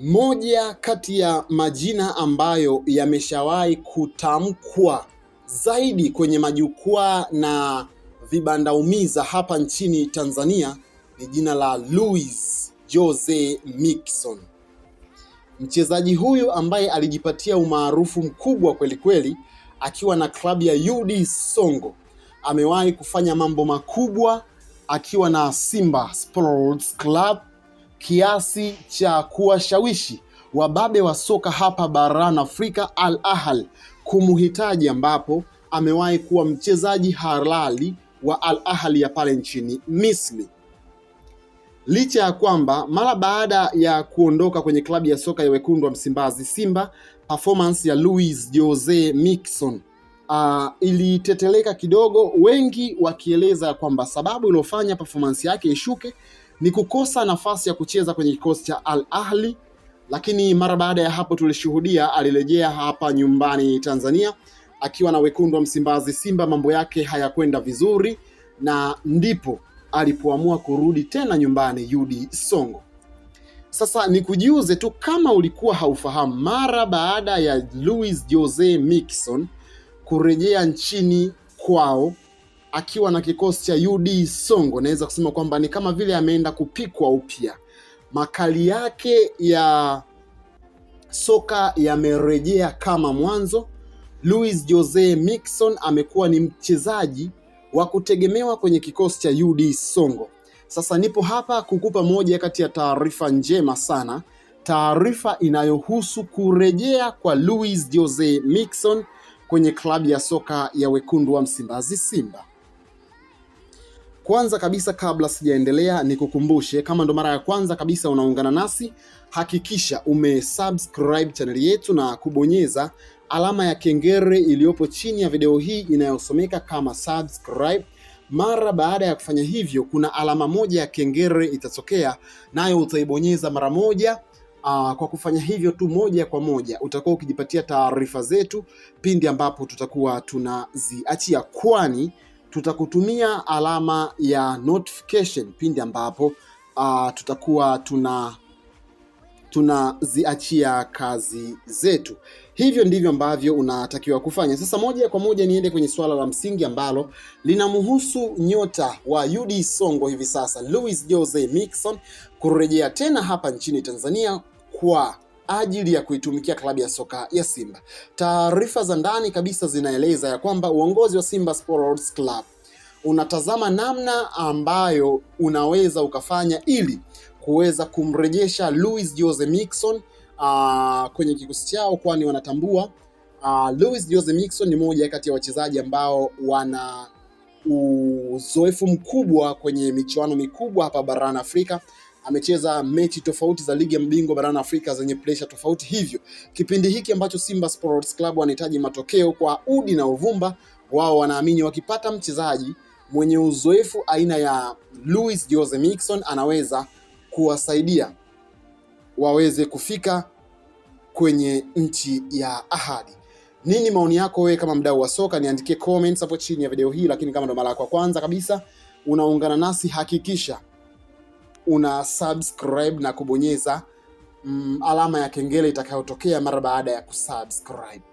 Moja kati ya majina ambayo yameshawahi kutamkwa zaidi kwenye majukwaa na vibandaumiza hapa nchini Tanzania ni jina la Luis Jose Miquissone. Mchezaji huyu ambaye alijipatia umaarufu mkubwa kweli kweli akiwa na klabu ya UD Songo amewahi kufanya mambo makubwa akiwa na Simba Sports Club kiasi cha kuwashawishi wababe wa soka hapa barani Afrika Al Ahly kumuhitaji ambapo amewahi kuwa mchezaji halali wa Al Ahly ya pale nchini Misri. Licha ya kwamba mara baada ya kuondoka kwenye klabu ya soka ya wekundu wa Msimbazi Simba, performance ya Luis Jose Miquissone uh, iliteteleka kidogo, wengi wakieleza kwamba sababu iliyofanya performance yake ishuke ni kukosa nafasi ya kucheza kwenye kikosi cha Al Ahli, lakini mara baada ya hapo tulishuhudia alirejea hapa nyumbani Tanzania akiwa na wekundu wa Msimbazi Simba. Mambo yake hayakwenda vizuri, na ndipo alipoamua kurudi tena nyumbani Yudi Songo. Sasa kujiuze tu kama ulikuwa haufahamu, mara baada ya Luis Jose Miquissone kurejea nchini kwao akiwa na kikosi cha UD Songo, naweza kusema kwamba ni kama vile ameenda kupikwa upya. Makali yake ya soka yamerejea kama mwanzo. Luis Jose Mixon amekuwa ni mchezaji wa kutegemewa kwenye kikosi cha UD Songo. Sasa nipo hapa kukupa moja kati ya taarifa njema sana, taarifa inayohusu kurejea kwa Luis Jose Mixon kwenye klabu ya soka ya wekundu wa Msimbazi Simba. Kwanza kabisa kabla sijaendelea, nikukumbushe kama ndo mara ya kwanza kabisa unaungana nasi, hakikisha umesubscribe chaneli yetu na kubonyeza alama ya kengele iliyopo chini ya video hii inayosomeka kama subscribe. Mara baada ya kufanya hivyo, kuna alama moja ya kengele itatokea, nayo utaibonyeza mara moja. Aa, kwa kufanya hivyo tu moja kwa moja utakuwa ukijipatia taarifa zetu pindi ambapo tutakuwa tunaziachia kwani tutakutumia alama ya notification pindi ambapo uh, tutakuwa tuna tunaziachia kazi zetu. Hivyo ndivyo ambavyo unatakiwa kufanya. Sasa moja kwa moja niende kwenye suala la msingi ambalo linamhusu nyota wa UD Songo hivi sasa Louis Jose Miquissone kurejea tena hapa nchini Tanzania kwa ajili ya kuitumikia klabu ya soka ya Simba. Taarifa za ndani kabisa zinaeleza ya kwamba uongozi wa Simba Sports Club unatazama namna ambayo unaweza ukafanya ili kuweza kumrejesha Luis Jose Mixon uh, kwenye kikosi chao, kwani wanatambua uh, Luis Jose Mixon ni moja kati ya wachezaji ambao wana uzoefu mkubwa kwenye michuano mikubwa hapa barani Afrika amecheza mechi tofauti za ligi ya mabingwa barani Afrika zenye presha tofauti. Hivyo kipindi hiki ambacho Simba Sports Club wanahitaji matokeo kwa udi na uvumba, wao wanaamini wakipata mchezaji mwenye uzoefu aina ya Luis Jose Miquissone anaweza kuwasaidia waweze kufika kwenye nchi ya ahadi. Nini maoni yako wewe kama mdau wa soka? Niandikie comments hapo chini ya video hii, lakini kama ndo mara yako ya kwanza kabisa unaungana nasi, hakikisha una subscribe na kubonyeza mm, alama ya kengele itakayotokea mara baada ya kusubscribe.